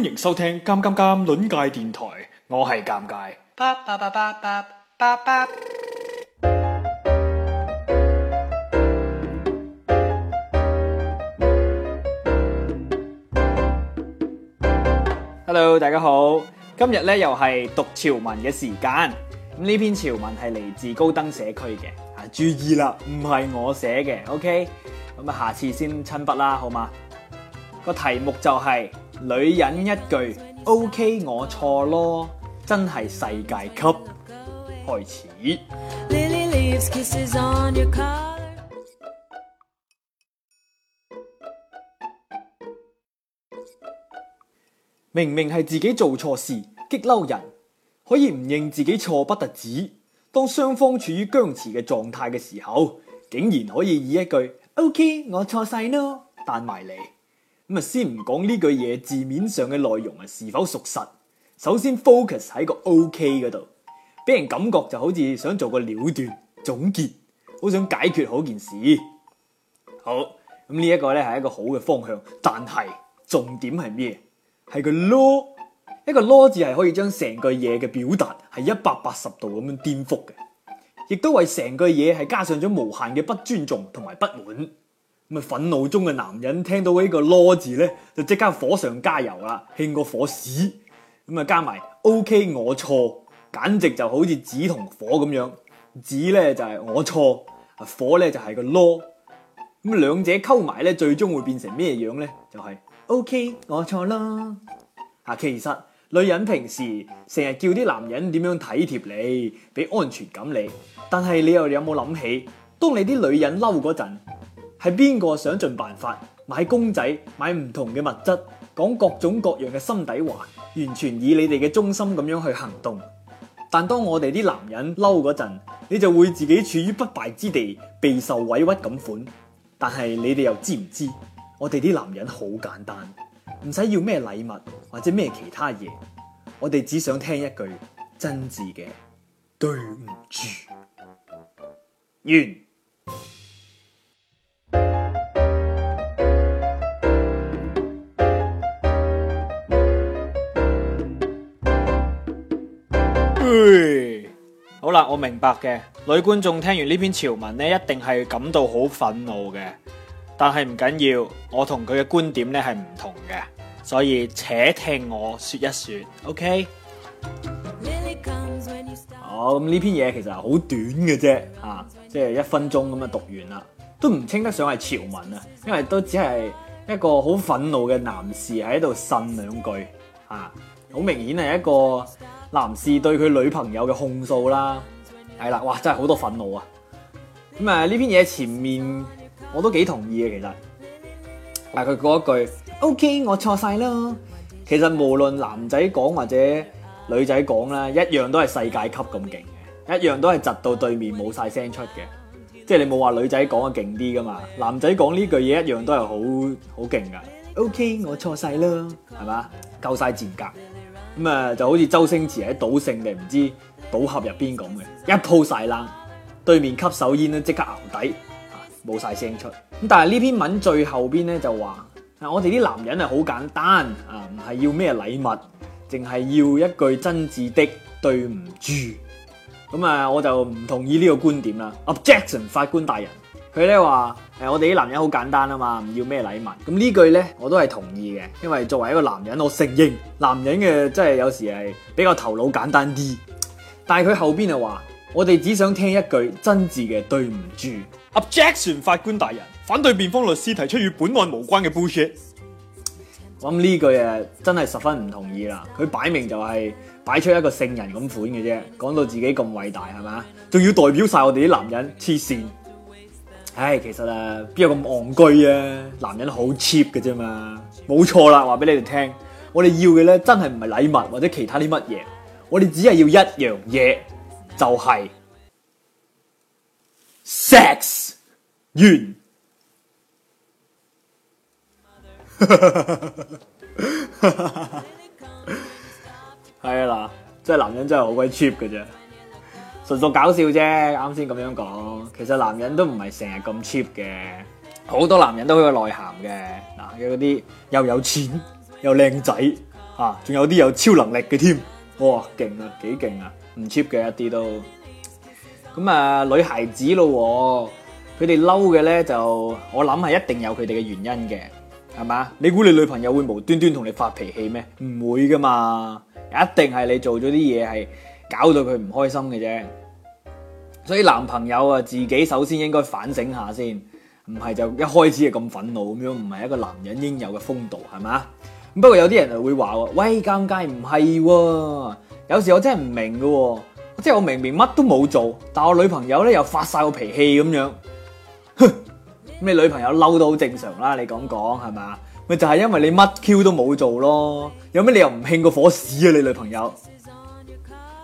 歡迎收聽《尷尷尷》論界電台，我係尷尬。Hello，大家好，今日咧又係讀潮文嘅時間。咁呢篇潮文係嚟自高登社區嘅，啊注意啦，唔係我寫嘅，OK？咁啊，下次先親筆啦，好嘛？個題目就係。女人一句 OK 我錯咯，真係世界級。開始， 明明係自己做錯事激嬲人，可以唔認自己錯不特止。當雙方處於僵持嘅狀態嘅時候，竟然可以以一句 OK 我錯晒咯，彈埋嚟。咁啊，先唔講呢句嘢字面上嘅內容啊是否屬實？首先 focus 喺個 OK 嗰度，俾人感覺就好似想做個了斷、總結，好想解決好件事。好，咁呢一個咧係一個好嘅方向，但係重點係咩？係個咯，一個咯字係可以將成句嘢嘅表達係一百八十度咁樣顛覆嘅，亦都為成句嘢係加上咗無限嘅不尊重同埋不滿。咁啊！憤怒中嘅男人聽到、這個、呢個囉字咧，就即刻火上加油啦，興個火屎。咁啊，加埋 OK 我錯，簡直就好似紙同火咁樣。紙咧就係我錯，火咧就係個囉。咁兩者溝埋咧，最終會變成咩樣咧？就係、是、OK 我錯咯。啊，其實女人平時成日叫啲男人點樣體貼你，俾安全感你，但係你又有冇諗起，當你啲女人嬲嗰陣？係邊個想盡辦法買公仔，買唔同嘅物質，講各種各樣嘅心底話，完全以你哋嘅中心咁樣去行動。但當我哋啲男人嬲嗰陣，你就會自己處於不敗之地，備受委屈咁款。但係你哋又知唔知，我哋啲男人好簡單，唔使要咩禮物或者咩其他嘢，我哋只想聽一句真摯嘅對唔住。完。我明白嘅，女觀眾聽完呢篇潮文咧，一定係感到好憤怒嘅。但係唔緊要，我同佢嘅觀點咧係唔同嘅，所以且聽我說一說，OK？哦，咁呢篇嘢其實好短嘅啫，啊，即係一分鐘咁啊讀完啦，都唔稱得上係潮文啊，因為都只係一個好憤怒嘅男士喺度呻兩句，啊，好明顯係一個男士對佢女朋友嘅控訴啦。係啦，哇！真係好多憤怒啊！咁啊，呢篇嘢前面我都幾同意嘅，其實，但佢嗰一句，OK，我錯晒啦。其實無論男仔講或者女仔講咧，一樣都係世界級咁勁嘅，一樣都係窒到對面冇晒聲出嘅。即係你冇話女仔講得勁啲噶嘛，男仔講呢句嘢一樣都係好好勁噶。OK，我錯晒啦，係嘛？夠晒賤格。咁啊，就好似周星馳喺賭聖嘅，唔知賭俠入邊咁嘅，一鋪晒冷，對面吸手煙咧，即刻淆底，冇晒聲出。咁但係呢篇文最後邊咧就話，我哋啲男人係好簡單啊，唔係要咩禮物，淨係要一句真摯的對唔住。咁啊，我就唔同意呢個觀點啦。Objection，法官大人。佢咧話：誒，我哋啲男人好簡單啊嘛，唔要咩禮物。咁呢句呢，我都係同意嘅，因為作為一個男人，我承認男人嘅真係有時係比較頭腦簡單啲。但係佢後邊又話：我哋只想聽一句真摯嘅對唔住。Objection，法官大人，反對辯方律師提出與本案無關嘅 bullshit。咁呢句誒真係十分唔同意啦。佢擺明就係擺出一個聖人咁款嘅啫，講到自己咁偉大係嘛，仲要代表晒我哋啲男人，黐線！唉，其實啊，邊有咁戇居啊？男人好 cheap 嘅啫嘛，冇錯啦，話俾你哋聽，我哋要嘅咧真係唔係禮物或者其他啲乜嘢，我哋只係要一樣嘢，就係、是、sex 完，開啦！即係啲男人真係好鬼 cheap 嘅啫。純屬搞笑啫，啱先咁樣講。其實男人都唔係成日咁 cheap 嘅，好多男人都好有內涵嘅。嗱，有嗰啲又有錢又靚仔嚇，仲有啲有超能力嘅添，哇，勁啊，幾勁啊，唔 cheap 嘅一啲都。咁啊，女孩子咯，佢哋嬲嘅咧就，我諗係一定有佢哋嘅原因嘅，係嘛？你估你女朋友會無端端同你發脾氣咩？唔會噶嘛，一定係你做咗啲嘢係。搞到佢唔開心嘅啫，所以男朋友啊，自己首先應該反省下先，唔係就一開始就咁憤怒咁樣，唔係一個男人應有嘅風度係嘛？不過有啲人就會話，喂，尷尬唔係，有時我真係唔明㗎，即係我明明乜都冇做，但係我女朋友咧又發晒個脾氣咁樣，哼，咁你女朋友嬲到好正常啦，你講講係咪？咪就係因為你乜 Q 都冇做咯，有咩理由唔興個火屎啊？你女朋友？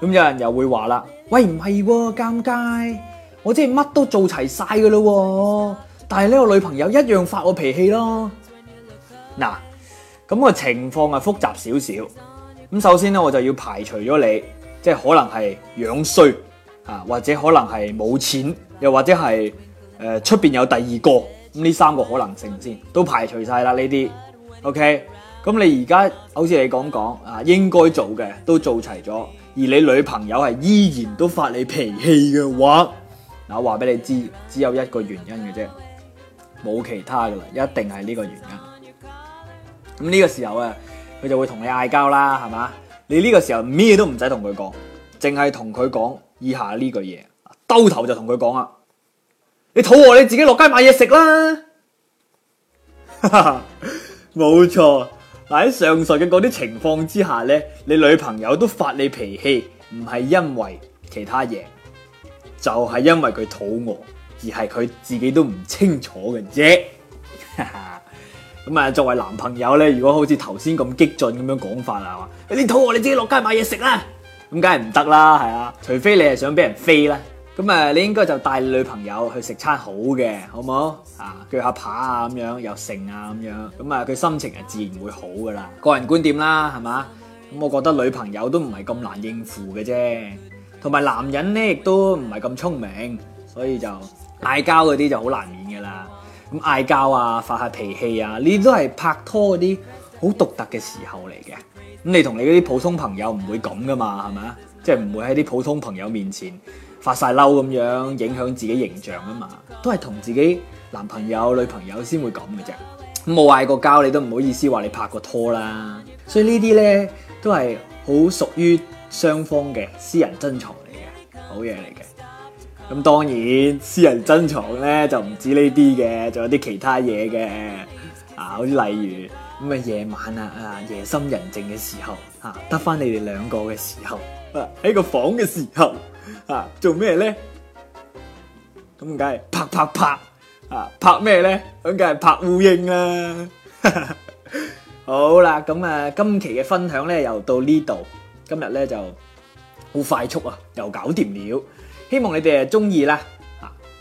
咁有人又會話啦，喂，唔係喎，尷尬，我即係乜都做齊曬嘅咯，但係呢我女朋友一樣發我脾氣咯。嗱，咁個情況係複雜少少。咁首先咧我就要排除咗你，即係可能係樣衰啊，或者可能係冇錢，又或者係誒出邊有第二個，咁呢三個可能性先都排除晒啦呢啲。OK。咁你而家好似你講講啊，應該做嘅都做齊咗，而你女朋友係依然都發你脾氣嘅話，嗱，我話俾你知，只有一個原因嘅啫，冇其他噶啦，一定係呢個原因。咁呢個時候啊，佢就會同你嗌交啦，係嘛？你呢個時候咩都唔使同佢講，淨係同佢講以下呢句嘢，兜頭就同佢講啊，你肚餓你自己落街買嘢食啦，哈哈哈，冇錯。嗱，喺上述嘅嗰啲情況之下咧，你女朋友都發你脾氣，唔係因為其他嘢，就係因為佢肚餓，而係佢自己都唔清楚嘅啫。咁啊，作為男朋友咧，如果好似頭先咁激進咁樣講法啊，你肚餓你自己落街買嘢食啦，咁梗係唔得啦，係啊，除非你係想俾人飛啦。咁你應該就帶女朋友去食餐好嘅，好唔好啊？鋸下扒啊，咁樣又成啊，咁樣咁佢心情啊自然會好噶啦。個人觀點啦，係嘛？咁我覺得女朋友都唔係咁難應付嘅啫，同埋男人咧亦都唔係咁聰明，所以就嗌交嗰啲就好難免噶啦。咁嗌交啊，發下脾氣啊，呢啲都係拍拖嗰啲好獨特嘅時候嚟嘅。咁你同你嗰啲普通朋友唔會咁噶嘛？係咪啊？即係唔會喺啲普通朋友面前。發晒嬲，咁樣影響自己形象啊嘛，都係同自己男朋友、女朋友先會咁嘅啫。冇嗌過交你都唔好意思話你拍過拖啦，所以呢啲咧都係好屬於雙方嘅私人珍藏嚟嘅，好嘢嚟嘅。咁當然私人珍藏咧就唔止呢啲嘅，仲有啲其他嘢嘅，啊，好似例如咁啊，夜晚啊啊夜深人靜嘅時候啊，得翻你哋兩個嘅時候啊，喺個房嘅時候。啊啊，做咩咧？咁梗係拍拍拍啊！拍咩咧？咁梗係拍烏蠅啊。好啦，咁啊，今期嘅分享咧又到呢度，今日咧就好快速啊，又搞掂了。希望你哋啊中意啦。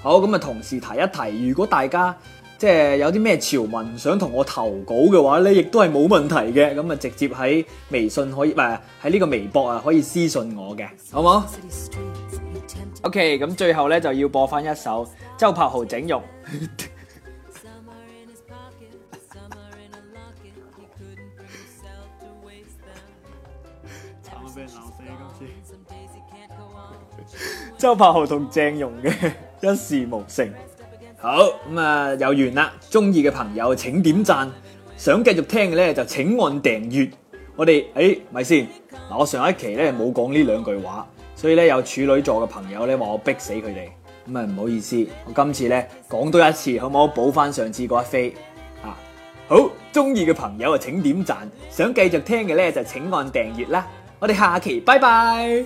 好，咁啊，同時提一提，如果大家，即係有啲咩潮文想同我投稿嘅話咧，亦都係冇問題嘅。咁啊，直接喺微信可以，唔係喺呢個微博啊，可以私信我嘅，好唔好，嗯？OK，咁最後咧就要播翻一首周柏豪整容，周柏豪同鄭融嘅一事無成。好，咁啊，又完啦！中意嘅朋友請點讚，想繼續聽嘅咧就請按訂閱。我哋誒，係咪先？嗱，我上一期咧冇講呢兩句話，所以咧有處女座嘅朋友咧話我逼死佢哋，咁啊唔好意思，我今次咧講多一次，好唔好補翻上次嗰一飛啊？好，中意嘅朋友啊請點讚，想繼續聽嘅咧就請按訂閱啦。我哋下期拜拜。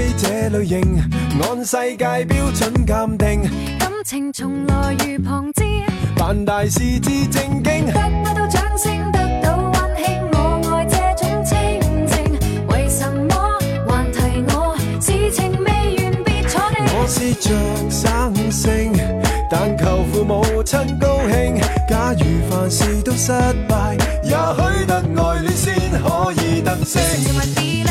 類型按世界標準鑒定，感情從來如旁枝，辦大事至正經，得到掌聲，得到溫馨，我愛這種清靜。為什麼還提我？事情未完別坐定。我是着生性，但求父母親高興。假如凡事都失敗，也許得愛戀先可以得勝。